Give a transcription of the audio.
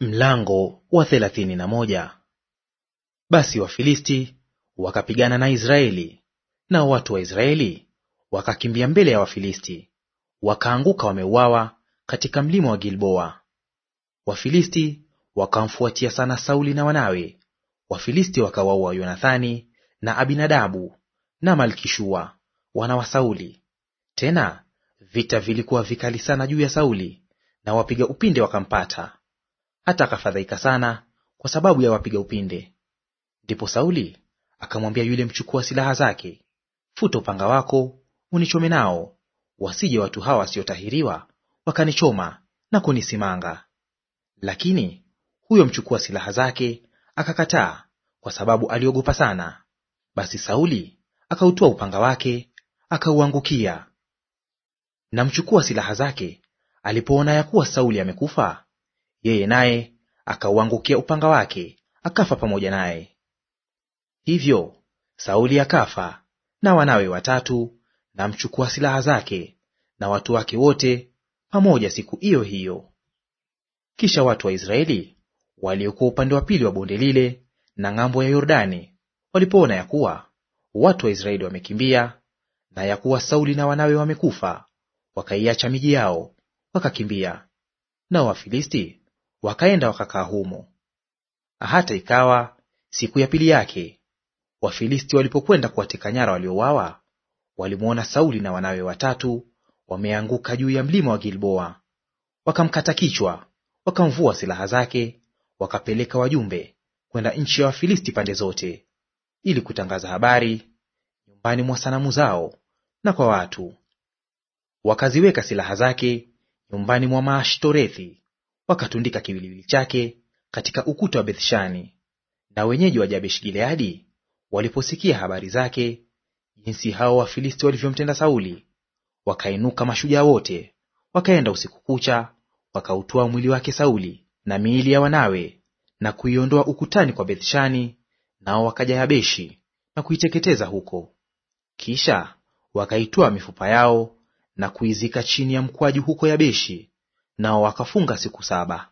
Mlango wa thelathini na moja. Basi Wafilisti wakapigana na Israeli, nao watu wa Israeli wakakimbia mbele ya Wafilisti, wakaanguka wameuawa katika mlima wa Gilboa. Wafilisti wakamfuatia sana Sauli na wanawe. Wafilisti wakawaua Yonathani na Abinadabu na Malkishua wana wa Sauli. Tena vita vilikuwa vikali sana juu ya Sauli, na wapiga upinde wakampata hata akafadhaika sana kwa sababu ya wapiga upinde. Ndipo Sauli akamwambia yule mchukua silaha zake, futa upanga wako unichome nao, wasije watu hawa wasiotahiriwa wakanichoma na kunisimanga. Lakini huyo mchukua silaha zake akakataa, kwa sababu aliogopa sana. Basi Sauli akautoa upanga wake akauangukia. Na mchukua silaha zake alipoona ya kuwa Sauli amekufa, yeye naye akauangukia upanga wake, akafa pamoja naye. Hivyo Sauli akafa na wanawe watatu na mchukua silaha zake na watu wake wote pamoja siku hiyo hiyo. Kisha watu wa Israeli waliokuwa upande wa pili wa bonde lile na ng'ambo ya Yordani walipoona ya kuwa watu wa Israeli wamekimbia na ya kuwa Sauli na wanawe wamekufa, wakaiacha miji yao wakakimbia. Nao Wafilisti wakaenda wakakaa humo. Hata ikawa siku ya pili yake, Wafilisti walipokwenda kuwateka nyara waliowawa walimwona Sauli na wanawe watatu wameanguka juu ya mlima wa Gilboa. Wakamkata kichwa, wakamvua silaha zake, wakapeleka wajumbe kwenda nchi ya Wafilisti pande zote, ili kutangaza habari nyumbani mwa sanamu zao na kwa watu. Wakaziweka silaha zake nyumbani mwa Maashtorethi wakatundika kiwiliwili chake katika ukuta wa Bethshani. Na wenyeji wa Jabeshi Gileadi waliposikia habari zake, jinsi hao Wafilisti walivyomtenda Sauli, wakainuka mashujaa wote, wakaenda usiku kucha, wakautoa mwili wake Sauli na miili ya wanawe na kuiondoa ukutani kwa Bethshani, nao wakaja Yabeshi na kuiteketeza huko. Kisha wakaitoa mifupa yao na kuizika chini ya mkwaju huko Yabeshi nao wakafunga siku saba.